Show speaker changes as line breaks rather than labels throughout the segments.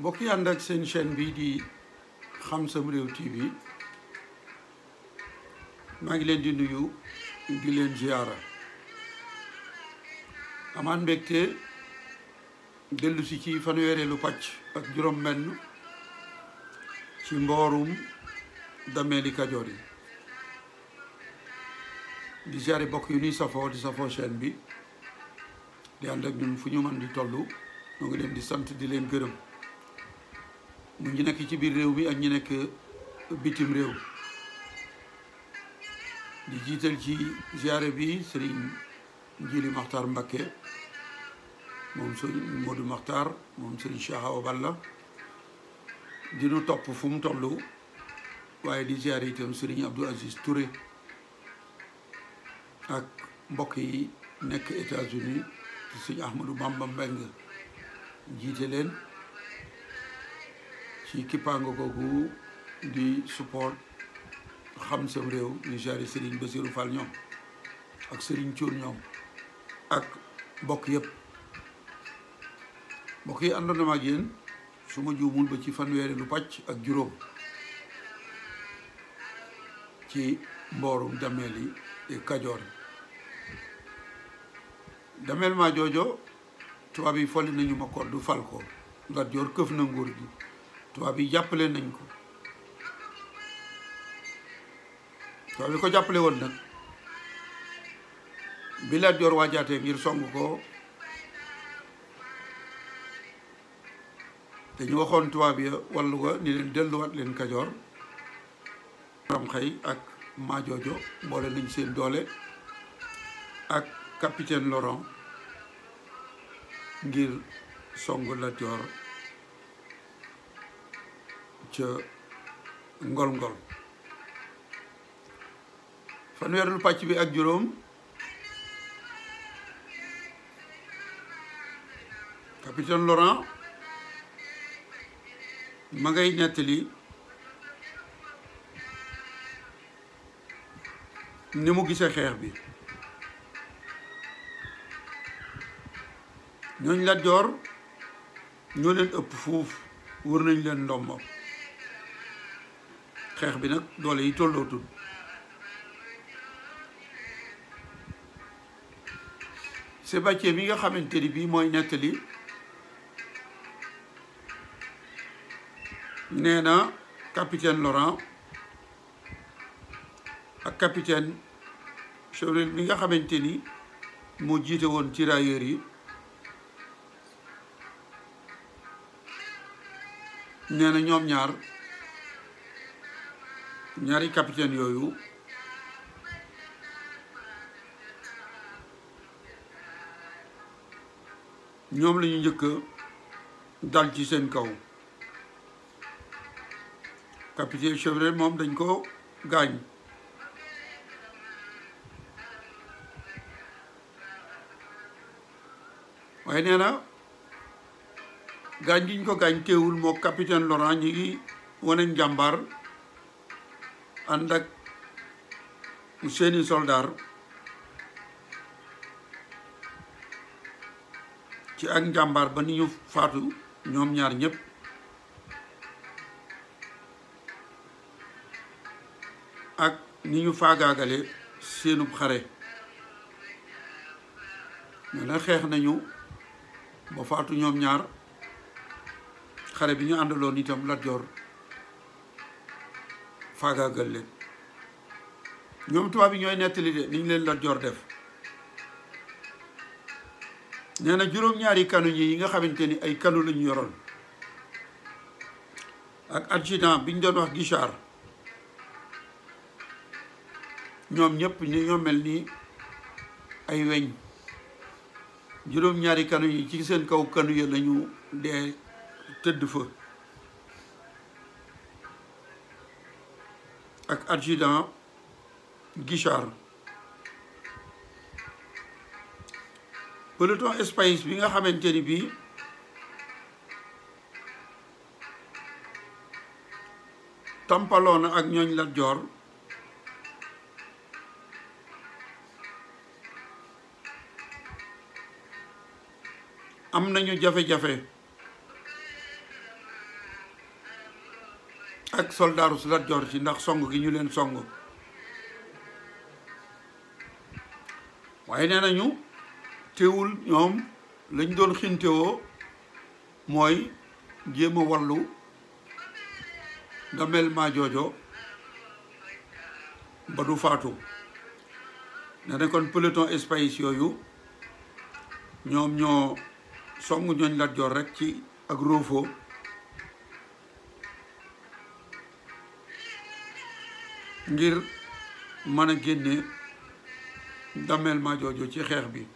mbokk yi ànd ak seen chaîne bi di xam sam réew TV maa ngi leen di nuyu di leen ziara amaan mbégte dellu si ci fanweereelu pàcc ak juróom benn ci mboorum dameeli kajoor yi di ziare bokk yu nuy safoo di safoo chaîne bi di ànd ak ñun fu ñu mën di toll ñoo ngi leen di sant di leen gërëm ñu nekk ci biir réew mi ak ñu nekk bitim réew di jiital ci ziare bi sëriñ Njili Maxtaar Mbakke moom sëriñ Modou Maxtaar moom sëriñ Cheikh Balla di topp fu mu toll waaye di ziare itam sëriñ Abdou Aziz Touré ak mbokk yi nekk États-Unis te sëriñ Bamba Mbeng jiite leen ci kippaango googu di support xam sam réew ñu géré Serigne Bassirou Fall ñoom ak Serigne Thioune ñoom ak mbokk yëpp mbokk yi àndoon na ma ak su ma juumul ba ci fanweeri lu pàcc ak juróom ci mboorum dameel kajoor yi dameel maa joojo tubaab yi folli nañu ma ko du fal ko Lat Joor këf na nguur gi tuwaab yi jàppale nañ ko tubaab yi ko jàppale woon nag bi Lat Joor waajaatee ngir song ko dañu waxoon tubaab ya wallu ni leen delluwaat leen Kajoor Ram Xëy ak Majoojo boole nañ seen doole ak capitaine Laurent ngir song Lat ca ngol-ngol fanweerul pàcc bi ak juróom capitaine Laurent ma ngay nettali ni mu gisee xeex bi ñooñ la joor ñoo leen ëpp fuuf wër nañ leen ndombo xeex bi nag doole yi tollootul Sébastien bi nga xamante ni bii mooy nettali nee na capitaine Laurent ak capitaine Chevrel bi nga xamante ni moo jiite woon tirailleurs yi nee ñoom ñaar ñaari capitaine yooyu ñoom la njëkk dal ci seen kaw capitaine Chevrolet moom dañ ko gaañ waaye nee na gaañ gi ko gaañ teewul moo capitaine Laurent ñi wane njàmbar ànd ak seeni soldaar ci ak njàmbaar ba ni ñu faatu ñoom ñaar ñëpp ak ni ñu faagaagale seenub xare ne na xeex nañu ba faatu ñoom ñaar xare bi ñu àndaloon itam Lat Joor faagaagal leen ñoom tubaab yi ñooy nettali de niñ leen la Joor def nee na juróom-ñaari kanu yi nga xamante ni ay kanu lañu yoroon ak adjudant biñ doon wax Guichard ñoom ñëpp ñi ñoo mel ni ay weñ juróom-ñaari kanu yi ci seen kaw kanu ya lañu dee tëdd fa ak adjudant Guichard peloton Espace bi nga xamante ni bii tampaloona ak ñooñ la joor am nañu jafe-jafe ak soldaaru su Joor ci ndax song gi ñu leen song waaye nee nañu teewul ñoom lañ doon xintewoo mooy jéema wallu damel maa joojo ba du faatu nee na kon peloton espace yooyu ñoom ñoo song ñooñ Lat Joor rek ci ak roofoo ngir mën a génne Damel Majoojo ci xeex bi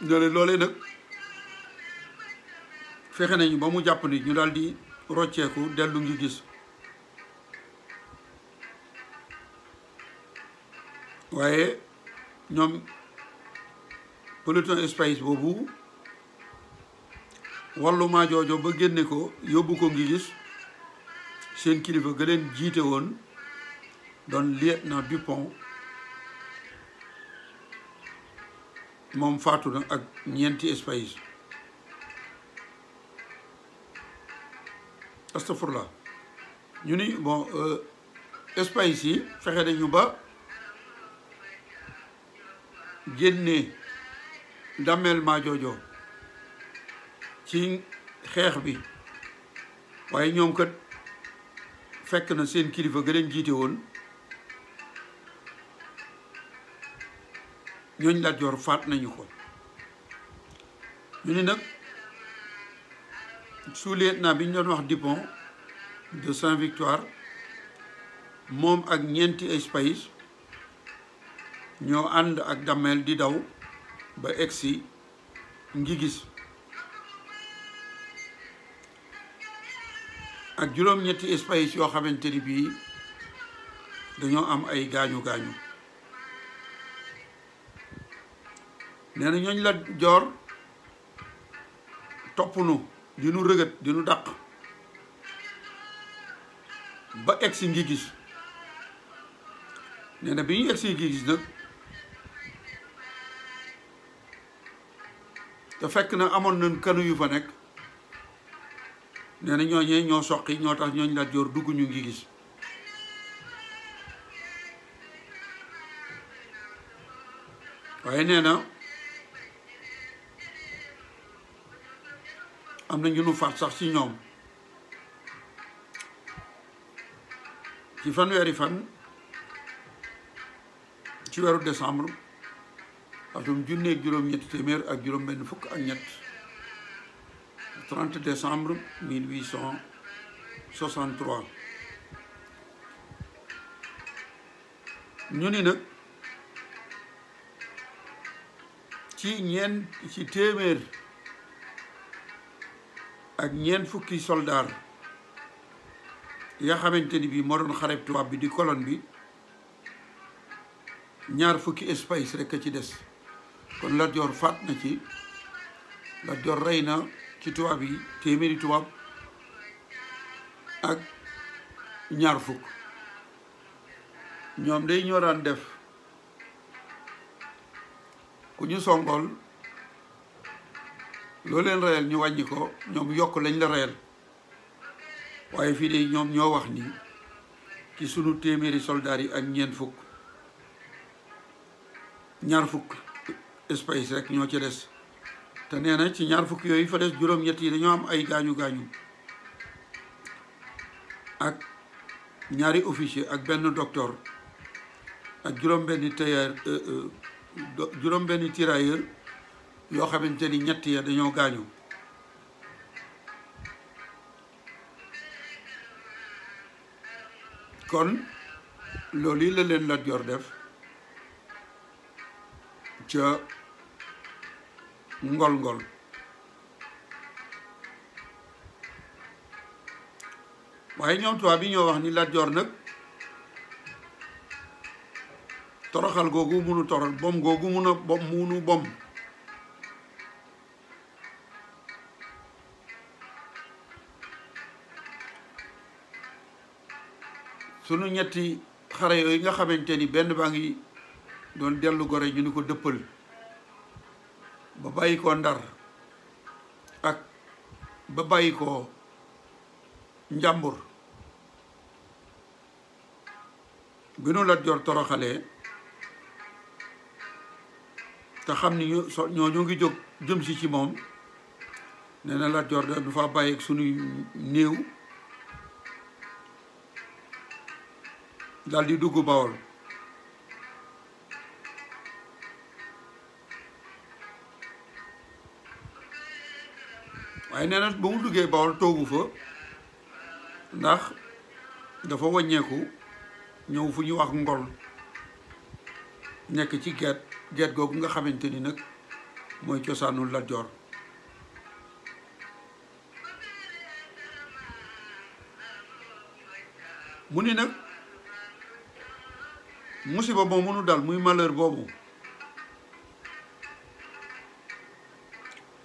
loole loolee nag fexe nañu ba mu jàpp ni ñu daal di rocceeku dellu ngi gis waaye ñoom peloton espace boobu wallu Majoojo ba génne ko yóbbu ko ngi gis seen kilifa ga leen jiite woon doon lieutenant Dupont moom faatu na ak ñeenti espace astafurla ñu ni bon euh, espace yi fexe nañu ba génne ndàmmeel Maajojo ci xeex bi waaye ñoom kat fekk na seen kilifa ga leen woon ñooñ Lat faat nañu ko ñu ni nag sous-lieutenant bi ñu doon wax Dupont de Saint-Victoire moom ak ñeenti espais ñoo ànd ak dàmmeel di daw ba egsi ngi gis ak juróom-ñetti espace yoo xamante ni bii dañoo am ay gaañu gaañu nee na ñooñ la joor topp nu di rëgët di daq ba egsi ngi gis nee na bi ñu egsi ngi gis na te fekk na amoon nañ kanu yu fa nekk nee ñoo ñe ñoo soqi ñoo tax ñoo la jor duggu ñu ngi gis waaye nee am nañu ñu nu faat sax ci ñoom ci fan wéri fan ci wéru décembre atum junneeg juroom ñetti témèr ak juroom ben fukk ak ñett 30 décembre 1863 ñu ni nag ci ñeen ci téeméer ak ñeen fukki soldaar yaa xamante ni bii moo doon xareb bi di colonne bi ñaar fukki espace rekk a ci des kon Lat Joor faat na ci Lat Joor rey na ci tubaab yi téeméeri tubaab ak ñaar fukk ñoom day ñoo daan def ku ñu songool loo leen reyal ñu wàññi ko ñoom yokk lañ la reyal waaye fii de ñoom ñoo wax ni ci sunu téeméeri soldaar yi ak ñeent fukk ñaar fukk espace rek ñoo ci des te nee na ci ñaar fukki yooyu fa des juróom-ñett yi dañoo am ay gaañu gaañu ak ñaari officier ak benn docteur ak juróom-benni tailleur euh, euh, yoo xamante ni ñett ya dañoo gaañu kon loolu yi la leen Lat yor def ca ngol-ngol waaye ñoom tubaab bi ñoo wax ni Lat Joor nag toroxal googu munu toroxal bom googu mun bom munu bom ñetti xare yooyu nga xamante ni benn baa ngi doon dellu gore ñu ni ko dëppal bàyyi ko ndar ak ba bàyyi ko njàmbur bi nu Lat Joor toroxalee so ñoo ñu ngi jog jëm ci ci mom neena la jor Joor fa bàyyi ak suñu neew dal di dugg Bawol waaye nee na ba mu duggee Bawol toogu fa ndax dafa waññeeku ñëw fu ñu wax ngol nekk ci geet geet googu nga xamante ni nag mooy cosaanu Lat Joor mu ni nag musiba moo mënul dal muy malheur boobu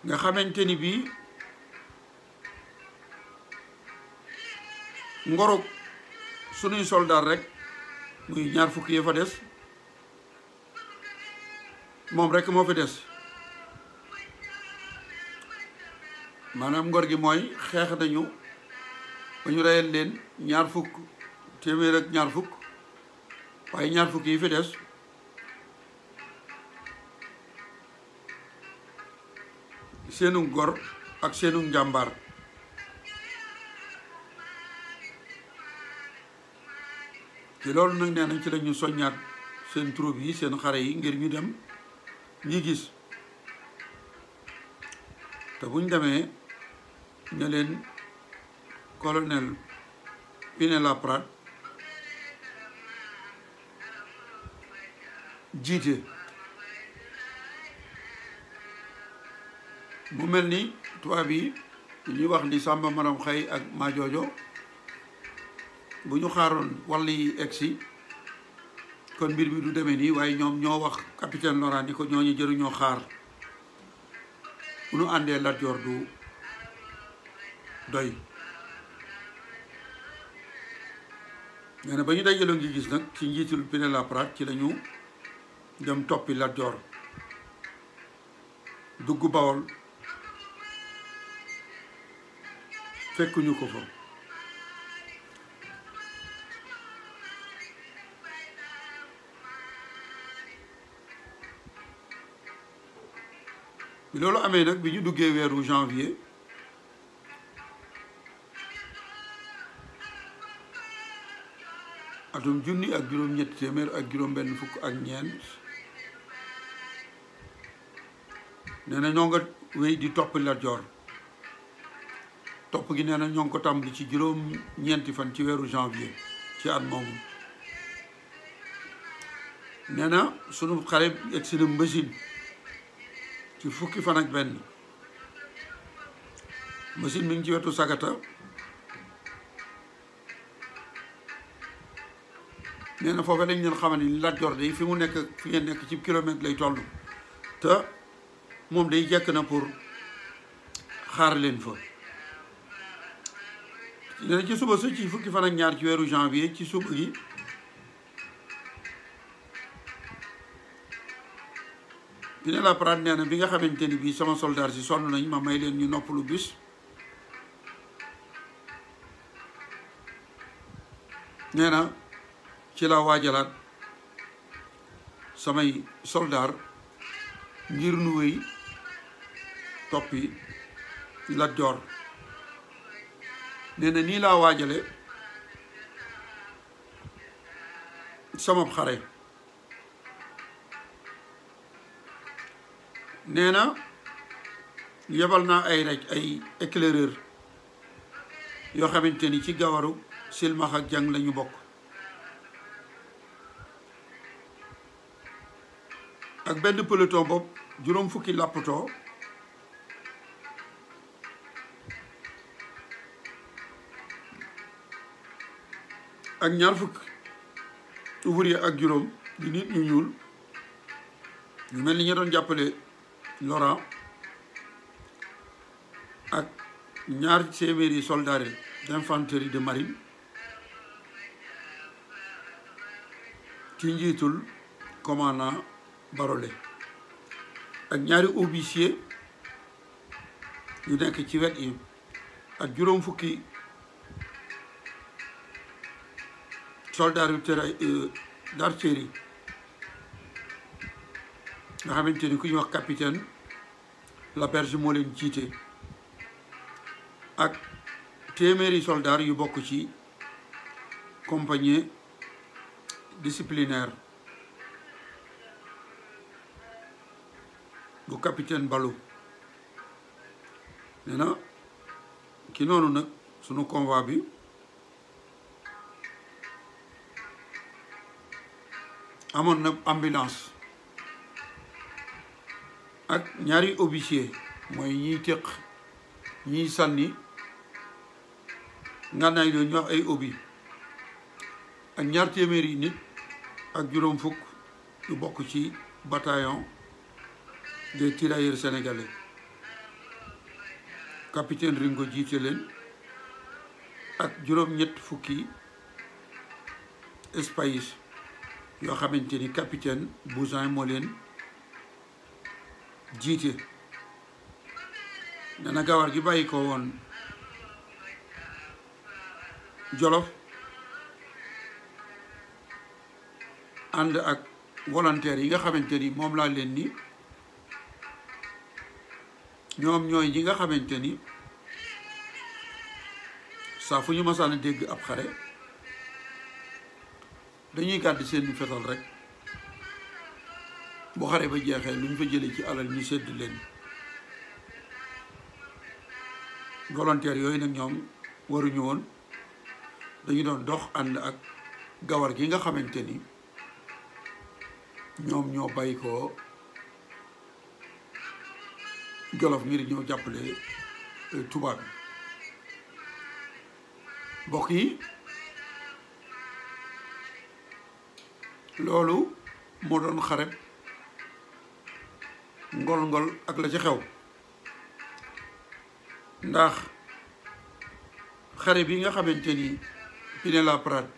nga xamante ni bii ngorog sunuy soldat rek muy ñaar fukki yi fa des moom rek moo fi des maanaam ngor gi mooy xeex nañu ba ñu reyal leen ñaar fukk téeméer ak ñaar fukk waaye ñaar fukk yi fi des seenu ngor ak seenu njàmbaar ci loolu nag nee nañ ci lañu soññaat seen troupe yi seen xare yi ngir ñu dem ñi gis te buñ demee ña leen colonel la laprade jiite mu mel ni tubaab yi ñuy wax ni Sàmba Maram Xëy ak Majoojo buñu xaaroon walli yi kon mbir mi du demee nii waaye ñoom ñoo wax capitaine Laurent ni ko ñooñu jëruñoo xaar bu nu àndee Lat Joor du doy nee na ba ñu dajaloo ngi gis nag ci njiitul La laprade ci lañu dem toppi Lat dugg Bawol fekkuñu ko fa bi loolu biji nag bi ñu janvier atum jooni ak juroom ñet téeméer ak juroom ben fukk ak ñent ñoo wéy di top la jor top gi nee na ñoo ko ci juroom ñeenti fan ci wéru janvier ci at mom sunu xare ak sunu machine fukki fan ak benn machine mi ngi ci wetu sagata nee na foofee dañ leen xamal ni Lat Joor de fi mu nekk fi ngeen nekk ci kilomètre lay toll te moom day jekk na pour xaar leen fa nee ci suba sa ci fukki fan ak ñaar ci weeru janvier ci suba gi dina la parade nee na bi nga xamante ni bii sama soldat si sonn nañ ma may leen ñu noppalu bis nee na ci la waajalaat samay soldat ngir nu toppi Lat Joor nii laa waajale sama xare nee na yebal naa ay rek ay éclaireur yoo xamante ni ci gawaru silmax ak jàng lañu bokk ak benn peloton bopp juróom fukki làppatoo ak ñaar fukk ouvrier ak juróom di nit ñu ñuul ñu mel ni ñu doon jàppale Laurent ak ñaar téeméeri soldats d'infanterie de marine ci njiitul commandant Barolé ak ñaari officier yu nekk ci wet yi ak juróom fukki soldats yu terrain euh, d'artillerie xamante ni ku ñuy wax capitaine la personne moo leen jiite ak téeméeri soldat compagnie disciplinaire du capitaine Balou Maintenant, nous ki noonu nag sunu convoi bi ambulance ak ñaari officier mooy ñiy téq sanni, nga ngànnaay doon ñu wax ay obi ak ñaar téeméeri nit ak juróom fukk yu bokk ci bataillon des tirailleurs sénégalais capitaine Ringo jiite leen ak juróom-ñett fukki spahis yoo xamante ni capitaine Bousin moo leen jiite dana gawar gi bàyyi ko woon jolof ànd ak volontaire yi nga xamante ni moom laa leen ni ñoom ñooy ñi nga xamante ni saa fu ñu masaan a dégg ab xare dañuy gàdd seen fetal rek bo xare ba jeexee luñ fa jëlé ci alal ñu sédd leen volontaire yoy nak ñom waru ñu won dañu doon dox and ak gawar gi nga xamanteni ñom ñoom ñoo bàyyi ko ngir ñoo jappalé euh, tuba bi mbokk yi loolu moo doon xareb ngol-ngol ak la ci xew ndax xare bi nga xamante ni la laprade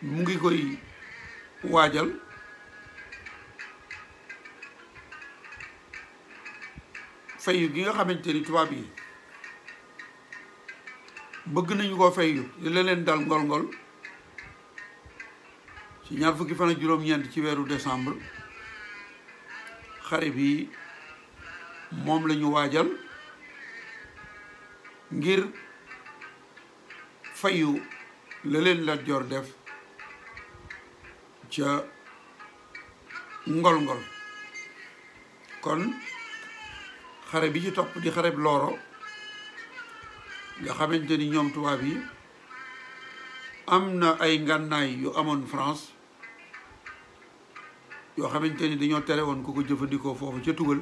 mu ngi koy waajal fayu gi nga xamante ni tubaab yi bëgg nañu koo fayu li la leen dal ngol-ngol ci ñaar fukki fan ak juróom-ñeent ci weeru décembre xare bi moom lañu ngir fayu la leen la jor def ca ngol-ngol kon xare bi ci topp di xareb Looro nga xamante ni ñoom tubaab yi am na ay ngànnaay yu amoon France yo xamanteni dañu téré won kuko jëfëndiko fofu ci tugal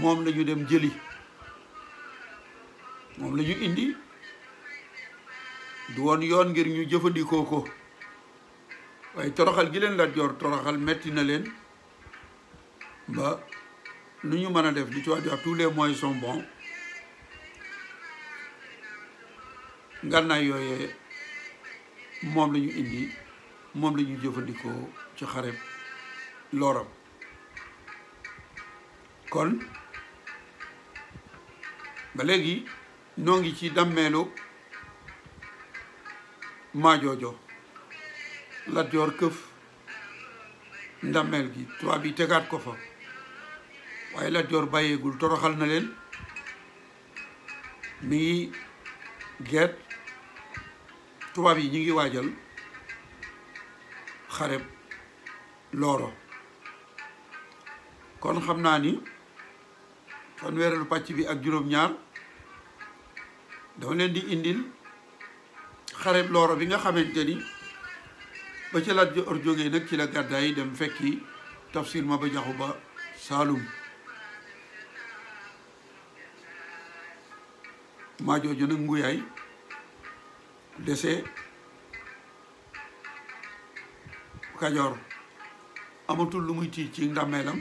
mom lañu dem jëli mom lañu indi du won yoon ngir ñu jëfëndiko ko way toroxal gi leen la jor toroxal metti na leen ba lu ñu mëna def di ci wax tous les moyens sont bons ngànnaay yooyee moom lañu indi moom la jëfandikoo ci xareb looram kon ba léegi noo ngi ci dammeelu maajoojo Lat këf ndammeel gi tubaab yi tegaat ko fa waaye Lat Joor bàyyeegul toroxal na leen mi ngi geet tubaab yi ñu ngi waajal xareb looro kon xam naa ni fanweereelu pàcc bi ak juróom-ñaar dama leen di indil xareb looro bi nga xamante ni ba ci Lat nag ci la gàddaay yi dem fekki tafsir ma ba jaxu ba Saalum majooju jooju nag nguyaay dese kajoor amatul lu muy tiit ci ndàmmeelam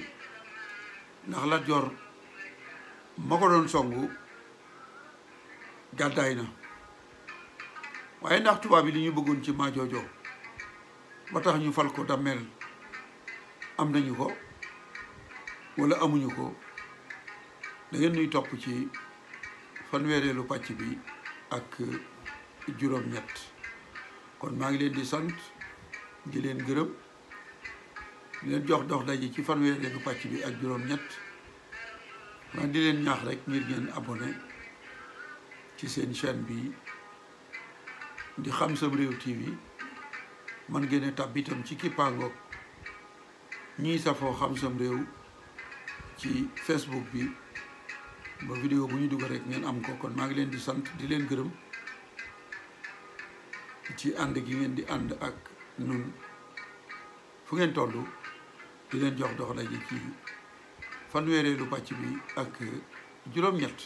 ndax la Joor ma ko doon songu gàddaay na waaye ndax tubaab yi li ñu bëggoon ci maajoojo ba tax ñu fal ko dammeel am nañu ko walla amuñu ko dangeen ngeen nuy topp ci fanweereelu pàcc bi ak juróom-ñett kon maa ngi leen di sant di len gërëm di len jox dox daje ci fanweeri patch bi ak juroom ñett maa di len ñaax rek ngir ngeen abonné ci seen chaîne bi di xam sa rew TV man ngeen tabitam, ci itam ci kippaangoog ñii safoo xam sa rew ci Facebook bi ba vidéo bu ñu dugg rek ngeen am ko kon maa ngi leen di sant di leen gërëm ci ànd gi ngeen di ànd ak. ñun fu ngeen tollu di leen jox dox daje ci fanweereelu pàcc bi ak juróom-ñett